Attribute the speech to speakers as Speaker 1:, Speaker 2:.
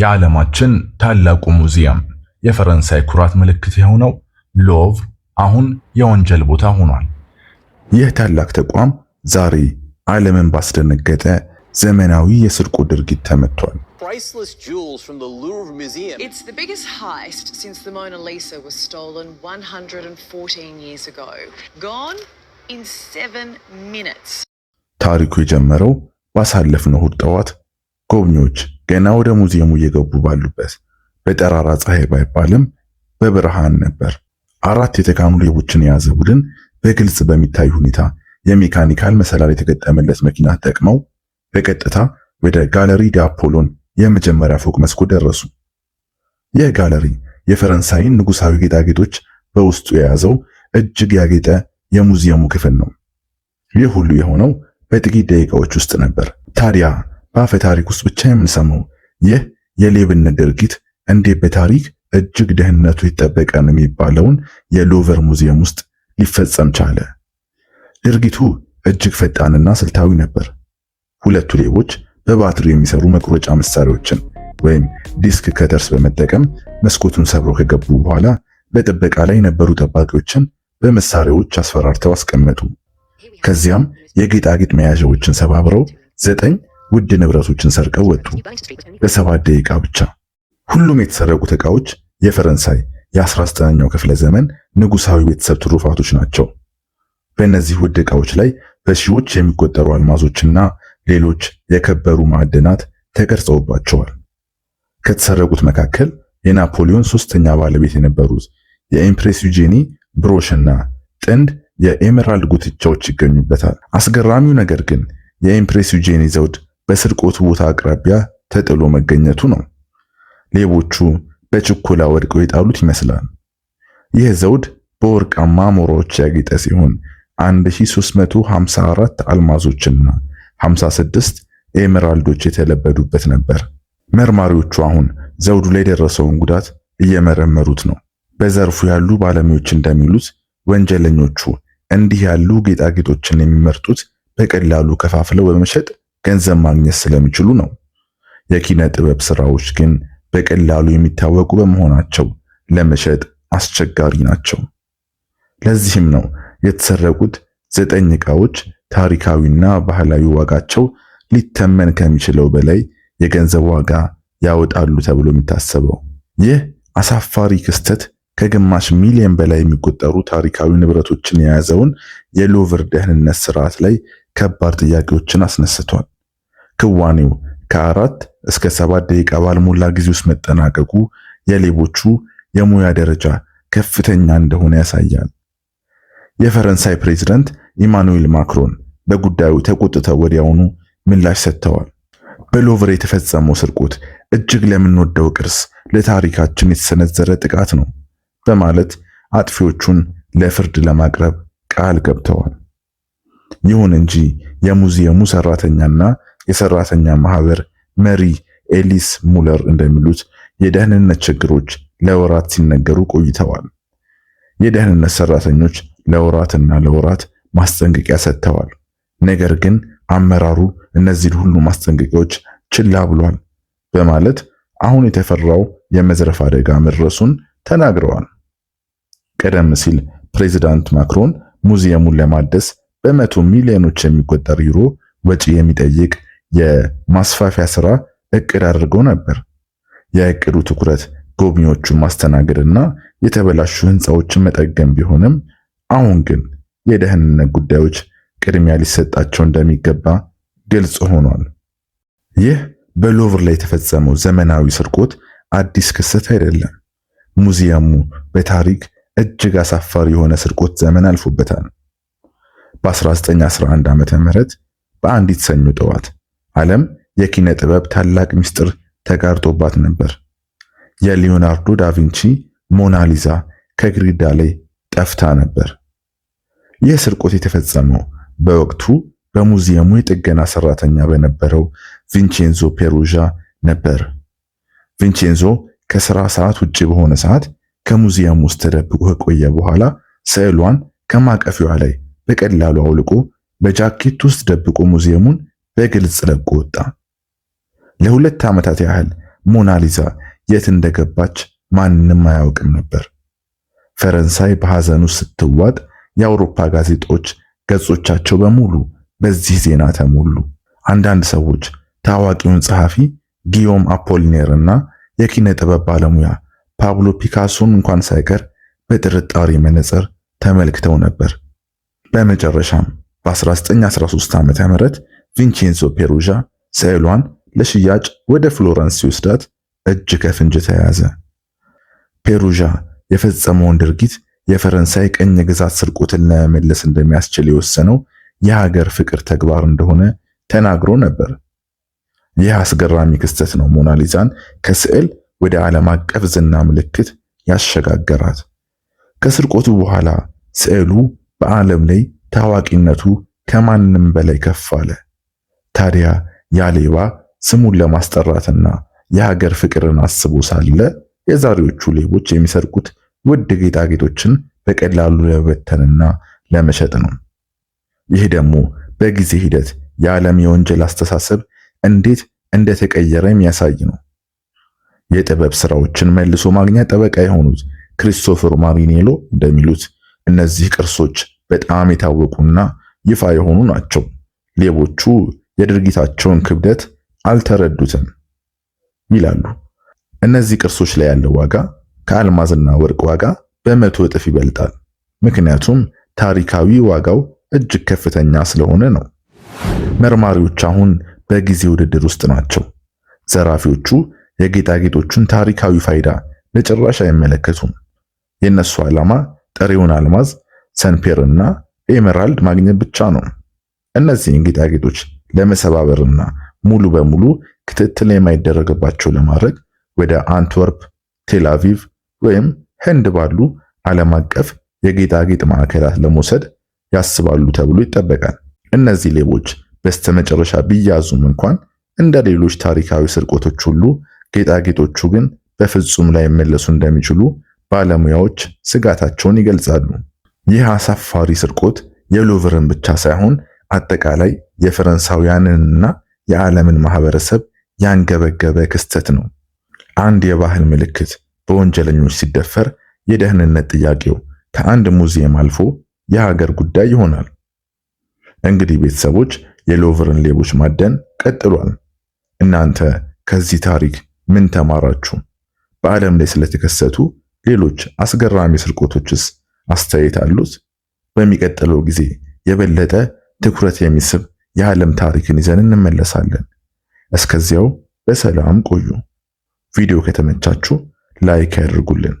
Speaker 1: የዓለማችን ታላቁ ሙዚየም የፈረንሳይ ኩራት ምልክት የሆነው ሎቭር አሁን የወንጀል ቦታ ሆኗል።
Speaker 2: ይህ ታላቅ ተቋም ዛሬ ዓለምን ባስደነገጠ ዘመናዊ የስርቁ ድርጊት ተመቷል። ታሪኩ የጀመረው ባሳለፍነው እሁድ ጠዋት ጎብኚዎች ገና ወደ ሙዚየሙ እየገቡ ባሉበት በጠራራ ፀሐይ ባይባልም በብርሃን ነበር። አራት የተካኑ ሌቦችን የያዘ ቡድን በግልጽ በሚታይ ሁኔታ የሜካኒካል መሰላል የተገጠመለት መኪና ተጠቅመው በቀጥታ ወደ ጋለሪ ዳፖሎን የመጀመሪያ ፎቅ መስኮት ደረሱ። ይህ ጋለሪ የፈረንሳይን ንጉሳዊ ጌጣጌጦች በውስጡ የያዘው እጅግ ያጌጠ የሙዚየሙ ክፍል ነው። ይህ ሁሉ የሆነው በጥቂት ደቂቃዎች ውስጥ ነበር። ታዲያ በአፈ ታሪክ ውስጥ ብቻ የምንሰማው ይህ የሌብነት ድርጊት እንዴት በታሪክ እጅግ ደህንነቱ የተጠበቀ ነው የሚባለውን የሉቨር ሙዚየም ውስጥ ሊፈጸም ቻለ? ድርጊቱ እጅግ ፈጣንና ስልታዊ ነበር። ሁለቱ ሌቦች በባትሪ የሚሰሩ መቁረጫ መሳሪያዎችን ወይም ዲስክ ከተርስ በመጠቀም መስኮቱን ሰብረው ከገቡ በኋላ በጥበቃ ላይ የነበሩ ጠባቂዎችን በመሳሪያዎች አስፈራርተው አስቀመጡ። ከዚያም የጌጣጌጥ መያዣዎችን ሰባብረው ዘጠኝ ውድ ንብረቶችን ሰርቀው ወጡ። ለሰባት ደቂቃ ብቻ። ሁሉም የተሰረቁት ዕቃዎች የፈረንሳይ የ19ኛው ክፍለ ዘመን ንጉሳዊ ቤተሰብ ትሩፋቶች ናቸው። በእነዚህ ውድ ዕቃዎች ላይ በሺዎች የሚቆጠሩ አልማዞችና ሌሎች የከበሩ ማዕድናት ተቀርጸውባቸዋል። ከተሰረቁት መካከል የናፖሊዮን ሶስተኛ ባለቤት የነበሩት የኢምፕሬስ ዩጄኒ ብሮሽና ጥንድ የኤሜራልድ ጉትቻዎች ይገኙበታል። አስገራሚው ነገር ግን የኢምፕሬስ ዩጄኒ ዘውድ በስርቆቱ ቦታ አቅራቢያ ተጥሎ መገኘቱ ነው። ሌቦቹ በችኮላ ወድቀው የጣሉት ይመስላል። ይህ ዘውድ በወርቃማ ሞራዎች ያጌጠ ሲሆን 1354 አልማዞችና 56 ኤመራልዶች የተለበዱበት ነበር። መርማሪዎቹ አሁን ዘውዱ ላይ የደረሰውን ጉዳት እየመረመሩት ነው። በዘርፉ ያሉ ባለሙያዎች እንደሚሉት ወንጀለኞቹ እንዲህ ያሉ ጌጣጌጦችን የሚመርጡት በቀላሉ ከፋፍለው በመሸጥ ገንዘብ ማግኘት ስለሚችሉ ነው። የኪነ ጥበብ ስራዎች ግን በቀላሉ የሚታወቁ በመሆናቸው ለመሸጥ አስቸጋሪ ናቸው። ለዚህም ነው የተሰረቁት ዘጠኝ ዕቃዎች ታሪካዊና ባህላዊ ዋጋቸው ሊተመን ከሚችለው በላይ የገንዘብ ዋጋ ያወጣሉ ተብሎ የሚታሰበው። ይህ አሳፋሪ ክስተት ከግማሽ ሚሊዮን በላይ የሚቆጠሩ ታሪካዊ ንብረቶችን የያዘውን የሉቭር ደህንነት ስርዓት ላይ ከባድ ጥያቄዎችን አስነስቷል። ክዋኔው ከአራት እስከ ሰባት ደቂቃ ባልሞላ ጊዜ ውስጥ መጠናቀቁ የሌቦቹ የሙያ ደረጃ ከፍተኛ እንደሆነ ያሳያል። የፈረንሳይ ፕሬዝዳንት ኢማኑኤል ማክሮን በጉዳዩ ተቆጥተው ወዲያውኑ ምላሽ ሰጥተዋል። በሎቨር የተፈጸመው ስርቆት እጅግ ለምንወደው ቅርስ፣ ለታሪካችን የተሰነዘረ ጥቃት ነው በማለት አጥፊዎቹን ለፍርድ ለማቅረብ ቃል ገብተዋል። ይሁን እንጂ የሙዚየሙ ሰራተኛና የሰራተኛ ማህበር መሪ ኤሊስ ሙለር እንደሚሉት የደህንነት ችግሮች ለወራት ሲነገሩ ቆይተዋል። የደህንነት ሰራተኞች ለወራትና ለወራት ማስጠንቀቂያ ሰጥተዋል። ነገር ግን አመራሩ እነዚህን ሁሉ ማስጠንቀቂያዎች ችላ ብሏል በማለት አሁን የተፈራው የመዝረፍ አደጋ መድረሱን ተናግረዋል። ቀደም ሲል ፕሬዚዳንት ማክሮን ሙዚየሙን ለማደስ በመቶ ሚሊዮኖች የሚቆጠር ዩሮ ወጪ የሚጠይቅ የማስፋፊያ ስራ እቅድ አድርገው ነበር። የእቅዱ ትኩረት ጎብኚዎቹን ማስተናገድና የተበላሹ ህንፃዎችን መጠገም ቢሆንም አሁን ግን የደህንነት ጉዳዮች ቅድሚያ ሊሰጣቸው እንደሚገባ ግልጽ ሆኗል። ይህ በሎቭር ላይ የተፈጸመው ዘመናዊ ስርቆት አዲስ ክስተት አይደለም። ሙዚየሙ በታሪክ እጅግ አሳፋሪ የሆነ ስርቆት ዘመን አልፎበታል። በ1911 ዓ.ም በአንዲት ሰኞ ጠዋት ዓለም የኪነ ጥበብ ታላቅ ምስጢር ተጋርጦባት ነበር። የሊዮናርዶ ዳቪንቺ ሞናሊዛ ከግሪዳ ላይ ጠፍታ ነበር። ይህ ስርቆት የተፈጸመው በወቅቱ በሙዚየሙ የጥገና ሰራተኛ በነበረው ቪንቼንዞ ፔሩዣ ነበር። ቪንቼንዞ ከስራ ሰዓት ውጪ በሆነ ሰዓት ከሙዚየሙ ውስጥ ተደብቆ ከቆየ በኋላ ስዕሏን ከማቀፊዋ ላይ በቀላሉ አውልቆ በጃኬት ውስጥ ደብቆ ሙዚየሙን በግልጽ ለቆ ወጣ። ለሁለት ዓመታት ያህል ሞናሊዛ የት እንደገባች ማንም አያውቅም ነበር። ፈረንሳይ በሐዘኑ ስትዋጥ የአውሮፓ ጋዜጦች ገጾቻቸው በሙሉ በዚህ ዜና ተሞሉ። አንዳንድ ሰዎች ታዋቂውን ጸሐፊ ጊዮም አፖሊኔር እና የኪነ ጥበብ ባለሙያ ፓብሎ ፒካሶን እንኳን ሳይቀር በጥርጣሬ መነጽር ተመልክተው ነበር። በመጨረሻም በ1913 ዓ.ም ቪንቼንዞ ፔሩዣ ስዕሏን ለሽያጭ ወደ ፍሎረንስ ሲወስዳት እጅ ከፍንጅ ተያያዘ። ፔሩዣ የፈጸመውን ድርጊት የፈረንሳይ ቅኝ ግዛት ስርቆትን ለመመለስ እንደሚያስችል የወሰነው የሀገር ፍቅር ተግባር እንደሆነ ተናግሮ ነበር። ይህ አስገራሚ ክስተት ነው ሞናሊዛን ከስዕል ወደ ዓለም አቀፍ ዝና ምልክት ያሸጋገራት። ከስርቆቱ በኋላ ስዕሉ በዓለም ላይ ታዋቂነቱ ከማንም በላይ ከፍ አለ። ታዲያ ያ ሌባ ስሙን ለማስጠራትና የሀገር ፍቅርን አስቦ ሳለ የዛሬዎቹ ሌቦች የሚሰርቁት ውድ ጌጣጌጦችን በቀላሉ ለመበተንና ለመሸጥ ነው። ይህ ደግሞ በጊዜ ሂደት የዓለም የወንጀል አስተሳሰብ እንዴት እንደተቀየረ የሚያሳይ ነው። የጥበብ ስራዎችን መልሶ ማግኛ ጠበቃ የሆኑት ክሪስቶፈር ማሪኔሎ እንደሚሉት እነዚህ ቅርሶች በጣም የታወቁና ይፋ የሆኑ ናቸው። ሌቦቹ የድርጊታቸውን ክብደት አልተረዱትም ይላሉ። እነዚህ ቅርሶች ላይ ያለው ዋጋ ከአልማዝና ወርቅ ዋጋ በመቶ እጥፍ ይበልጣል። ምክንያቱም ታሪካዊ ዋጋው እጅግ ከፍተኛ ስለሆነ ነው። መርማሪዎች አሁን በጊዜ ውድድር ውስጥ ናቸው። ዘራፊዎቹ የጌጣጌጦቹን ታሪካዊ ፋይዳ በጭራሽ አይመለከቱም። የእነሱ ዓላማ ጥሬውን አልማዝ ሰንፔርና ኤመራልድ ማግኘት ብቻ ነው። እነዚህን ጌጣጌጦች ለመሰባበርና ሙሉ በሙሉ ክትትል የማይደረግባቸው ለማድረግ ወደ አንትወርፕ፣ ቴል አቪቭ ወይም ህንድ ባሉ ዓለም አቀፍ የጌጣጌጥ ማዕከላት ለመውሰድ ያስባሉ ተብሎ ይጠበቃል። እነዚህ ሌቦች በስተመጨረሻ ቢያዙም እንኳን እንደ ሌሎች ታሪካዊ ስርቆቶች ሁሉ ጌጣጌጦቹ ግን በፍጹም ላይመለሱ እንደሚችሉ ባለሙያዎች ስጋታቸውን ይገልጻሉ። ይህ አሳፋሪ ስርቆት የሉቭርን ብቻ ሳይሆን አጠቃላይ የፈረንሳውያንንና የዓለምን ማህበረሰብ ያንገበገበ ክስተት ነው። አንድ የባህል ምልክት በወንጀለኞች ሲደፈር የደህንነት ጥያቄው ከአንድ ሙዚየም አልፎ የሀገር ጉዳይ ይሆናል። እንግዲህ ቤተሰቦች የሎቭርን ሌቦች ማደን ቀጥሏል። እናንተ ከዚህ ታሪክ ምን ተማራችሁ? በዓለም ላይ ስለተከሰቱ ሌሎች አስገራሚ ስርቆቶችስ አስተያየት አሉት? በሚቀጥለው ጊዜ የበለጠ ትኩረት የሚስብ የዓለም ታሪክን ይዘን እንመለሳለን። እስከዚያው በሰላም ቆዩ። ቪዲዮ ከተመቻችሁ ላይክ ያድርጉልን።